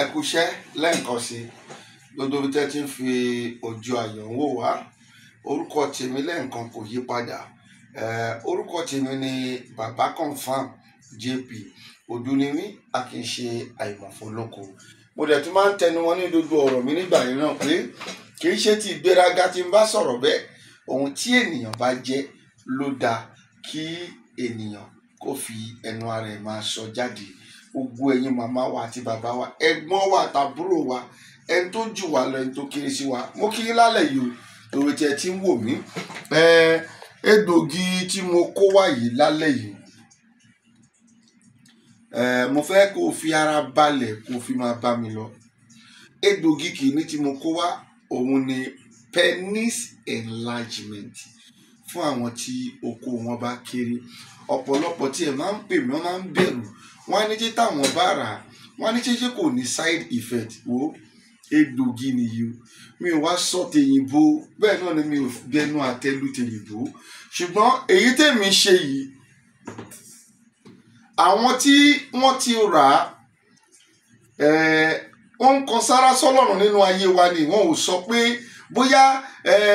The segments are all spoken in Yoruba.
ẹ kúṣẹ́ lẹ́ǹkan sí gbogbo bí tẹ́ ti ń fi ojú ayọ̀ ń wò wá orúkọ tèmi lẹ́ǹkan kò yí padà orúkọ tèmi ni bàbá confam jp òdu ni mí a kì í ṣe àìmọ̀fọ́lọ́kọ mo dẹ̀ tún máa ń tẹnu wọn ní gbogbo ọ̀rọ̀ mi nígbà yìí náà pé kì í ṣe ti ìgbéraga tí n bá sọ̀rọ̀ bẹ́ẹ̀ ohun tí ènìyàn bá jẹ́ ló dáa kí ènìyàn kó fi ẹnu ara ẹ̀ máa sọ jáde gbogbo ẹ̀yin màmá wa àti bàbá wa ẹ̀gbọ́n wa àtàbúrò wa ẹni tó jù wá lọ ẹni tó kéré sí wa mo kí yín lálẹ́ yìí o torí tí ẹ ti ń wò mí egbògi tí mo kó wá yìí lálẹ́ yìí mo fẹ́ kó fi ara balẹ̀ kó fi máa bá mi lọ egbògi kìíní tí mo kó wá òun ni penis enlargement fún àwọn tí oko wọn bá kéré ọ̀pọ̀lọpọ̀ tí ẹ̀ máa ń pè mí wọ́n máa ń bẹ̀rù wọ́n á ní jẹ́ táwọn bá rà á wọ́n á ní jẹ́ kò ní side effect wo egbògi nìyí o mi ò wá sọ tèyìnbó bẹ́ẹ̀ náà ni mi ò bẹnu àtẹ́lù tèyìnbó ṣùgbọ́n èyí tèmi ṣe yìí àwọn tí wọ́n ti rà á wọ́n ń kan sára sọ́lọ́run nínú ayé wa ni wọ́n ò sọ pé bóyá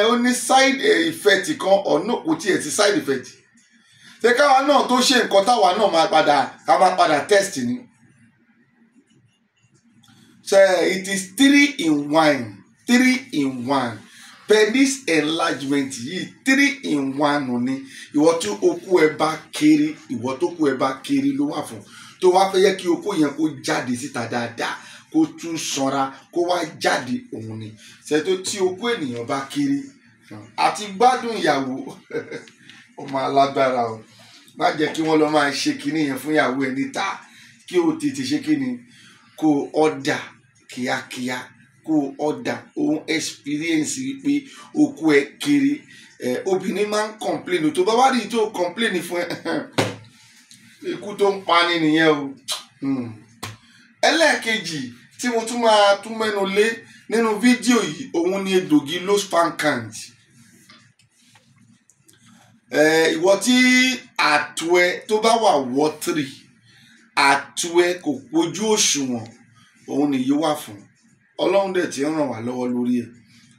ó ní side effect kan ọ̀nà kò tiẹ̀ sí side effect ṣé káwa náà tó ṣe nǹkan táwa náà máa padà ká máa padà test ni ṣe it is three in one three in one penis enlargement yìí three in one ni ìwọ tí okú ẹ bá kéré ìwọ tó kú ẹ bá kéré ló wà fún un tó wá fẹ́ yẹ kí okó yẹn kó jáde síta dáadáa kó tún sanra kó wá jáde òun ni ṣètò tí okó ènìyàn bá kéré àti gbádùn ìyàwó ó máa lágbára o má jẹ́ kí wọ́n lọ máa ṣe kinní yẹn fún ìyàwó ẹ níta kí o tètè ṣe kinní kó ọ̀dà kíákíá kó ọ̀dà òun experience wípé okó ẹ kéré obìnrin máa ń complain tó bá wá rí i tó complain fún ẹ ikú tó ń pani nìyẹn o hmm. ẹlẹ́ẹ̀kejì tí mo tún máa tún mẹ́nu lé nínú fídíò yìí òun ni egbògi lospankant ìwọ tí àtúwẹ tó bá wà wọ́tìrì àtúwẹ kò pójú òṣùwọ̀n òun nìyí wà fún ọlọ́run dẹ̀ ti ń ràn wá lọ́wọ́ lórí ẹ̀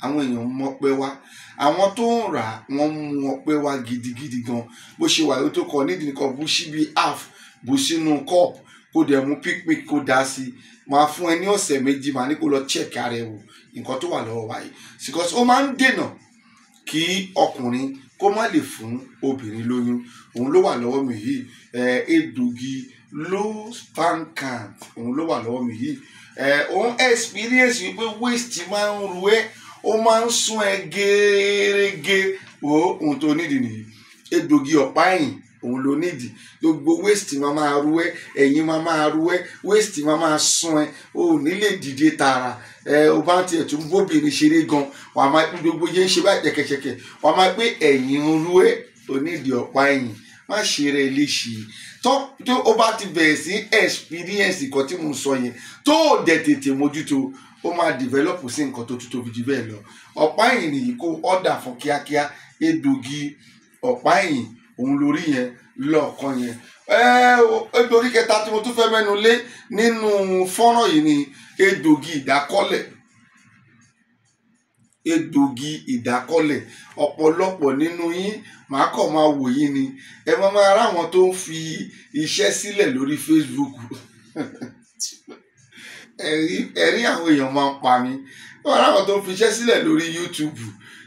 àwọn èèyàn mọ́pẹ́ wá àwọn tó ń rà wọ́n mú ọpẹ́ wá gidigidi gan bó ṣe wà yóò tó kọ nídìí nìkan bú síbi half bù sínú cup kó dẹ̀ mú picnic kó dá sí i máa fún ẹ ní ọ̀sẹ̀ méjì máa ní kó lọ check ara ẹ wò nǹkan tó wà lọ́wọ́ wáyé because ó máa ń dènà kí ọkùnrin kó má lè fún obìnrin lóyún òun ló wà lọ́wọ́ mi yìí ẹ egbògi lospancant òun ló wà lọ́wọ́ mi yìí ẹ òun experience wípé waste máa ń ru ẹ́ ó máa ń sún ẹ gẹ́ẹ́rẹ́gẹ́ wo ohun tó nídìí nìyí egbògi ọ̀pá ẹ̀yìn òun ló nídìí gbogbo waste máa máa rú ẹ ẹ̀yìn máa máa rú ẹ waste máa máa sún ẹ o ò ní lè dìde tààrà ẹ o bá ń tiẹ̀ tún bóbìnrin ṣeré gan wàá máa pín gbogbo yẹn ń ṣe báyìí jẹ̀kẹ̀jẹ̀kẹ̀ wàá máa pín ẹ̀yìn rú ẹ onídìí ọ̀pá ẹ̀yìn má ṣe rẹ léṣe tó tó o bá ti bẹ̀rẹ̀ sí experience nǹkan tí mo sọ yẹn tó o dẹ̀ tètè mójútó ó máa develop sí nǹkan tó tún tóbi jù bẹ́ẹ̀ lọ ọ̀pá ẹ̀yìn nìyí kó ọ̀dà fún kíákíá egbògi ọ̀pá ẹ̀yìn òun lórí yẹn lọ́ọ̀kan yẹn egbògi kẹta tí mo tún fẹ́ mẹ́nu lé nínú fọ́nrán yìí ni egbògi ìdákọ́lẹ̀ egbògi ìdákọ́lẹ̀ ọ̀pọ̀lọpọ̀ nínú yín màá kàn máa wò yín ni ẹ máa máa ráwọn tó ń fi iṣẹ́ sílẹ̀ lórí Facebook ẹ̀rí àwọn èèyàn máa ń pa mi wọ́n ráwọn tó ń fi iṣẹ́ sílẹ̀ lórí YouTube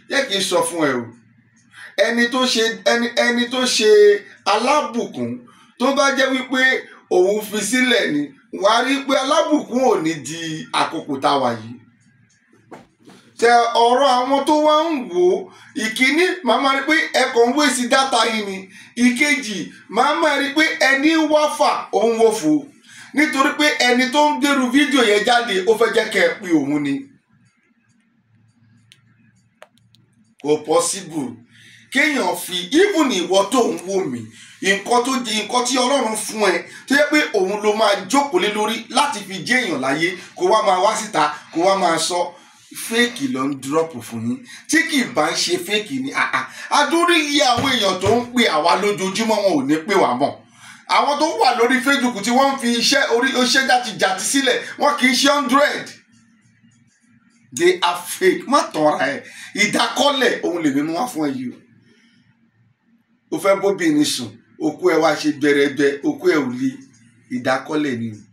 jẹ́ kí n sọ fún ẹ o ẹni tó ṣe ẹni ẹni tó ṣe alábùkún tó bá jẹ́ wípé òun fi sílẹ̀ ni wàá rí i pé alábùkún ò ní di àkókò táwa yìí tẹ ọ̀rọ̀ àwọn tó wá ń wò ó ìkíní màá rí pé ẹ̀kọ́ ń wéṣí dátà yìí ni ìkejì màá máa rí pé ẹni wá fà òun wò fò nítorí pé ẹni tó ń gbèrú fídíò yẹn jáde ó fẹ́ jẹ́ kẹ́ ẹ pé òun ni. kò pọ́síbù kéèyàn fi even ìwọ tó ń wò mí nǹkan tó di nǹkan tí ọlọ́run fún ẹ tó yẹ pé òun ló máa jókòó lé lórí láti fi jẹ́èyàn láyé kó wá máa wá síta kó wá máa sọ. So fake ló ń dúrọ́pù fún yín tí kì í bá ń ṣe fake ni adúrí iye àwọn èèyàn tó ń pè àwa lójoojúmọ́ wọn ò ní pè wá mọ́ àwọn tó wà lórí Facebook tí wọ́n ń fi iṣẹ́ orí iṣẹ́ jàtijàti sílẹ̀ wọ́n kì í ṣe hundred they are fake má tọ́ra ẹ̀ ìdákọ́lẹ̀ òun lè mímú wá fún ẹ yìí o fẹ́ bóbi ní sùn òkú ẹ wá ṣe gbẹrẹgbẹ òkú ẹ ò le ìdákọ́lẹ̀ ni o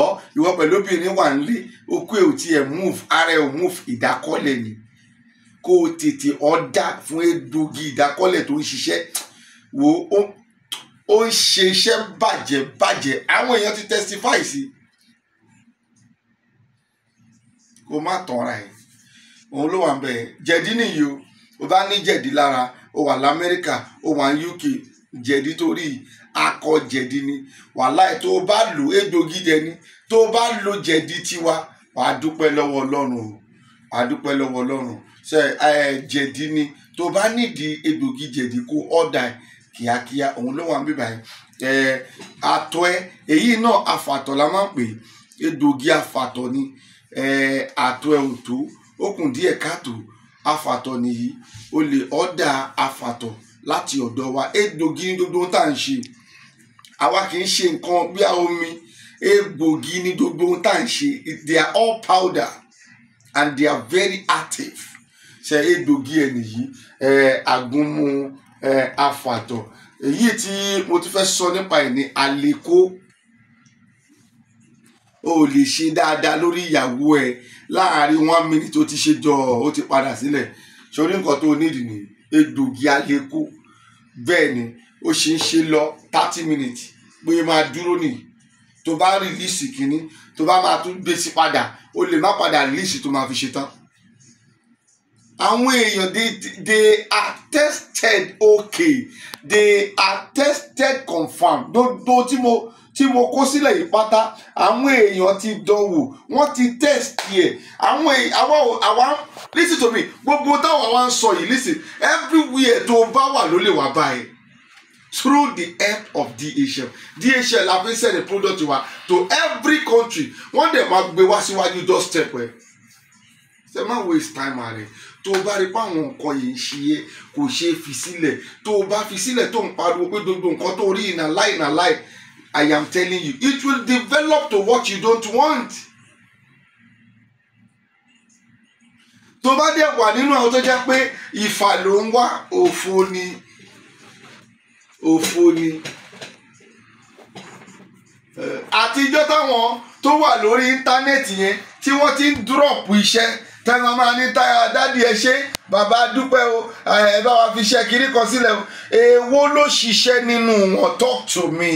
ọ ìwọ pẹ̀lú obìnrin wà nílé okó ẹ̀ ò tiẹ̀ move ara ẹ̀ ò move ìdákọ́lẹ̀ ni kó o tètè ọ̀dà fún egbògi ìdákọ́lẹ̀ tó ń ṣiṣẹ́ wo ó ń ṣe iṣẹ́ bàjẹ́ bàjẹ́ àwọn èèyàn ti testify sí kó má tọ́ra ẹ̀ òun ló wà ń bẹ̀ jẹ̀dí nìyí o ò bá ní jẹ̀dí lára o wà lamẹ́ríkà o wà ní UK jẹ̀dí torí akọ jẹ̀dí ni wàláì tó o bá lò egbògi jẹ̀dí tó o bá lo jẹ̀dí tiwa wàá dúpẹ́ lọ́wọ́ ọlọ́run o wàá dúpẹ́ lọ́wọ́ ọlọ́run ṣe ẹ jẹ̀dí ni tó o bá nídìí egbògi jẹ̀dí kó ọ̀dà kíákíá òun ló wà ń bíbáyìí ẹ àtọ̀ ẹ èyí náà afàtọ̀ la máa ń pè egbògi afàtọ̀ ni ẹ àtọ̀ ẹ ò tó díẹ̀ káàtó afàtọ̀ nìyí o lè ọ̀dà afàtọ̀ láti ọ̀dọ̀ wa egbògi ní gbogbo ohun tá à ń ṣe àwa kì í ṣe nǹkan bí omi egbògi ní gbogbo ohun tá à ń ṣe they are all powder and they are very active ṣe egbògi ẹ nìyí ẹ àgúnmu ẹ afàtọ èyí tí mo ti fẹ́ sọ nípa ẹ̀ ní àlékó o lè ṣe dáadáa lórí ìyàwó ẹ láàárín one minute o ti ṣe jọ ọ o ti padà sílẹ̀ ṣorí nǹkan tó o nídìí nìyí egbògi ayeko bẹ́ẹ̀ ni ó ṣe ń ṣe lọ thirty minutes pé máa dúró nìyí tó bá rìlíìsì kínní tó bá máa tún gbé sí padà ó lè má padà rìlíìsì tó máa fi ṣe tán. àwọn èèyàn they they are tested okay they are tested confirmed gbogbo tí mo. No, no, tí mo kó sílẹ̀ yìí pátá àwọn èèyàn ti dán wò wọ́n ti test ẹ̀ àwọn àwa àwa listen to me gbogbo táwa wa ń sọ yìí listen everywhere tó bá wà ló lè wá báyìí through the help of DHL DHL la fi send a product wa to every country wọ́n dẹ̀ máa gbé wá síwájú step ẹ̀ ṣe má waste time rẹ̀ tó o bá rí páwọn nǹkan yìí ń ṣe é kò ṣeé fi sílẹ̀ tó o bá fi sílẹ̀ tó ń pariwo pé gbogbo nǹkan tó rí ìnà láì ìnà láì. I am telling you, it will develop to what you don't want. tó bá dẹ̀ wà nínú àwọn tó jẹ́ pé ìfà ló ń wá òfo ni òfo ni eh, àtijọ́ táwọn tó wà lórí íńtánẹ́ẹ̀tì yẹn tí wọ́n ti ń dúrọ̀pù iṣẹ́ táwọn máa ní táyà dádì ẹ ṣe bàbá dúpẹ́ o eh, ẹ bá wa fi ṣe kiri kan sílẹ̀ o èèwo ló ṣiṣẹ́ nínú wọn talk to me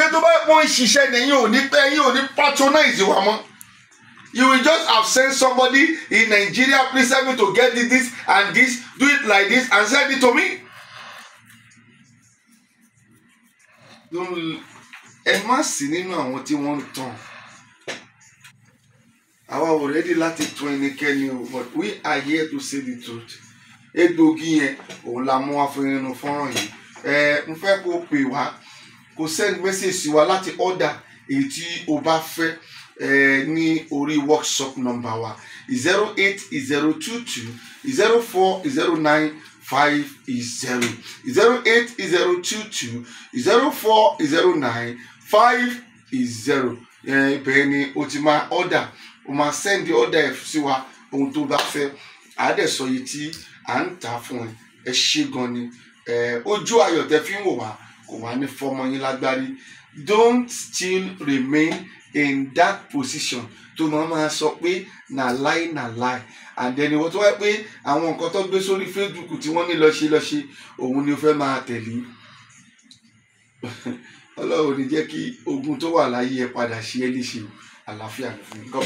pé tó bá pọ́n ò ní pẹ́ ẹ̀yin ò ní patronize wa mọ́ you will just have sent somebody in Nigeria please help me to get this and this do it like this and send it to me. ẹ má sí nínú àwọn tí wọ́n ń tàn àwa ò rẹ́dí láti tún ẹnikẹ́ni o but we are here to say the truth egbògi yẹn òun la mú wá fún irinu fọ́nrán yìí ẹ n fẹ́ kó pè wá kó send message sí wa láti order èyí tí o bá fẹ́ ní orí workshop number wa zero eight zero two two zero four zero nine five zero zero eight zero two two zero four zero nine five zero ibẹ̀ ni o ti máa order o máa send the order sí wa ohun tó bá fẹ́ àádẹ́sọ yìí tí à ń tà fún ẹ ẹ ṣé gan ni ojú ayọ̀ tẹ fi ń wò wá kò wá ní fọmọ yín lágbárí don't still remain in that position tó máa máa sọ pé na lie na lie and then ìwọ tó wáyé pé àwọn nǹkan tó gbé sórí Facebook tí wọ́n ní lọ ṣe lọ ṣe òun ni o fẹ́ máa tẹ̀lé ọlọ́run ò ní jẹ́ kí ogun tó wà láyé ẹ padà ṣe ẹ́ léṣe àlàáfíà nìkan.